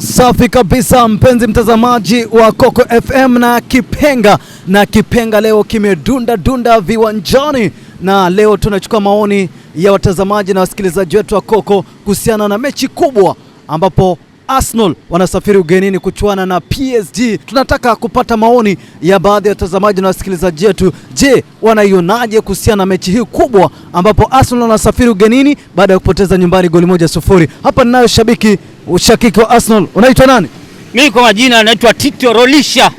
Safi kabisa mpenzi mtazamaji wa Coco FM na Kipenga, na Kipenga leo kimedunda dunda viwanjani, na leo tunachukua maoni ya watazamaji na wasikilizaji wetu wa Coco kuhusiana na mechi kubwa ambapo Arsenal wanasafiri ugenini kuchuana na PSG. Tunataka kupata maoni ya baadhi ya watazamaji na wasikilizaji wetu. Je, wanaionaje kuhusiana na mechi hii kubwa ambapo Arsenal wanasafiri ugenini baada ya kupoteza nyumbani goli moja sufuri. Hapa ninayo shabiki Ushakiki wa Arsenal unaitwa nani? Mimi kwa majina naitwa Tito Rolisha.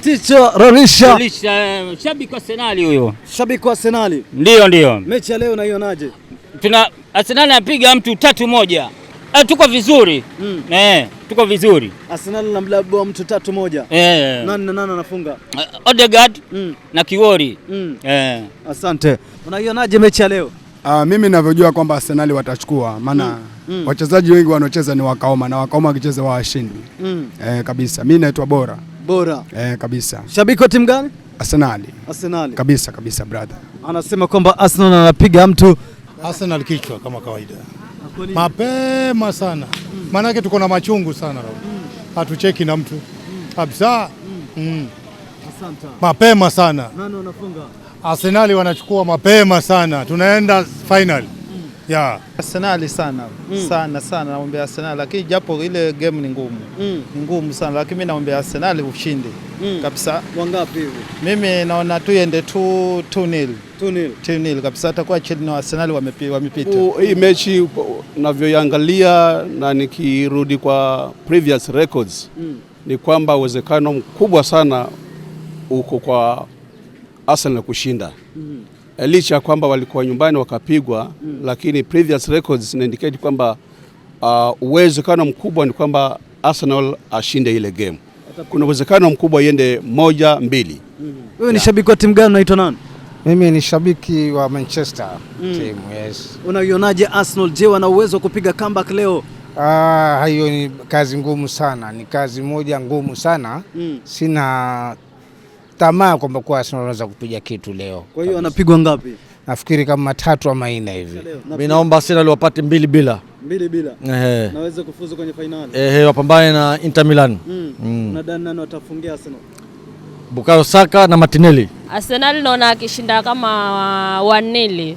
Tito Rolisha. Rolisha, eh, shabiki wa Arsenal huyo. Shabiki wa Arsenal. Ndio, ndio. Mechi ya leo unaionaje? Tuna Arsenal anapiga mtu tatu moja. E, tuko vizuri. Mm. Eh, tuko vizuri. Arsenal na mlabu wa mtu tatu moja. Eh. Nani na nani anafunga? Uh, Odegaard mm. na Kiwori. Mm. Eh. Asante. Unaionaje mechi ya leo? Uh, mimi ninavyojua kwamba Arsenal watachukua maana mm mm. wachezaji wengi wanaocheza ni Wakaoma na Wakaoma wakicheza washindi mm. eh, kabisa. mi naitwa bora bora eh, kabisa. Shabiki wa timu gani? Arsenali. Arsenal. kabisa kabisa, brother. Anasema kwamba Arsenal anapiga mtu Arsenal kichwa kama kawaida mapema sana mm. tuko na machungu sana mm. hatucheki na mtu mm. kabisa mm. mm. mapema sana Nani Arsenali wanachukua mapema sana, tunaenda final. Yeah. Arsenal sana mm. sana sana naombea Arsenal lakini japo ile game ni ngumu mm. ni ngumu sana lakini mimi naombea Arsenal ushindi mm. kabisa. Wangapi hivi? Mimi naona tu iende tu 2-0. 2-0. 2-0 kabisa atakuwa Chelsea na Arsenal wamepita. Oh, hii mechi navyoiangalia na nikirudi kwa previous records mm. ni kwamba uwezekano mkubwa sana uko kwa Arsenal kushinda mm. Eh, licha ya kwamba walikuwa nyumbani wakapigwa mm. Lakini previous records zinaindicate kwamba uh, uwezekano mkubwa ni kwamba Arsenal ashinde ile game. Kuna uwezekano mkubwa iende moja mbili. Mm. Wewe mm. ni shabiki wa timu gani unaitwa nani? Mimi ni shabiki wa Manchester mm. team, yes. Unaionaje Arsenal? Je, wana uwezo wa kupiga comeback leo? Ah, hiyo ni kazi ngumu sana, ni kazi moja ngumu sana mm. sina tamaa kwamba kwa Arsenal anaweza kupiga kitu leo. Kwa hiyo anapigwa ngapi? Nafikiri kama matatu ama nne hivi. Mimi naomba Arsenal wapate mbili bila. Mbili bila. Ehe. Naweza kufuzu kwenye finali. Ehe, wapambane na Inter Milan. Mm. Mm. Na dani nani watafungia Arsenal? Bukayo Saka na Martinelli. Arsenal naona akishinda kama uh, wanili.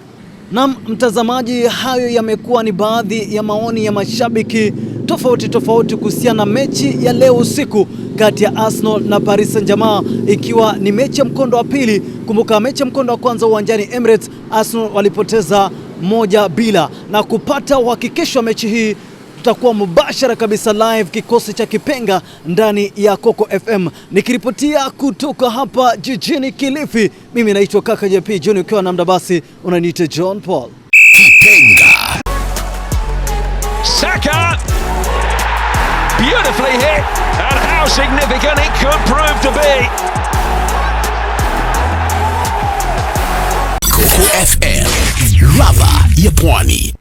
Na mtazamaji, hayo yamekuwa ni baadhi ya maoni ya mashabiki tofauti tofauti kuhusiana na mechi ya leo usiku kati ya Arsenal na Paris Saint-Germain, ikiwa ni mechi ya mkondo wa pili. Kumbuka mechi ya mkondo wa kwanza uwanjani Emirates, Arsenal walipoteza moja bila, na kupata uhakikisho wa mechi hii tutakuwa mubashara kabisa live kikosi cha Kipenga ndani ya Coco FM, nikiripotia kutoka hapa jijini Kilifi. Mimi naitwa Kaka JP Junior, ukiwa mda basi unaniita John Paul. Saka! Beautifully hit, and how significant it could prove to be. Coco FM, ladha ya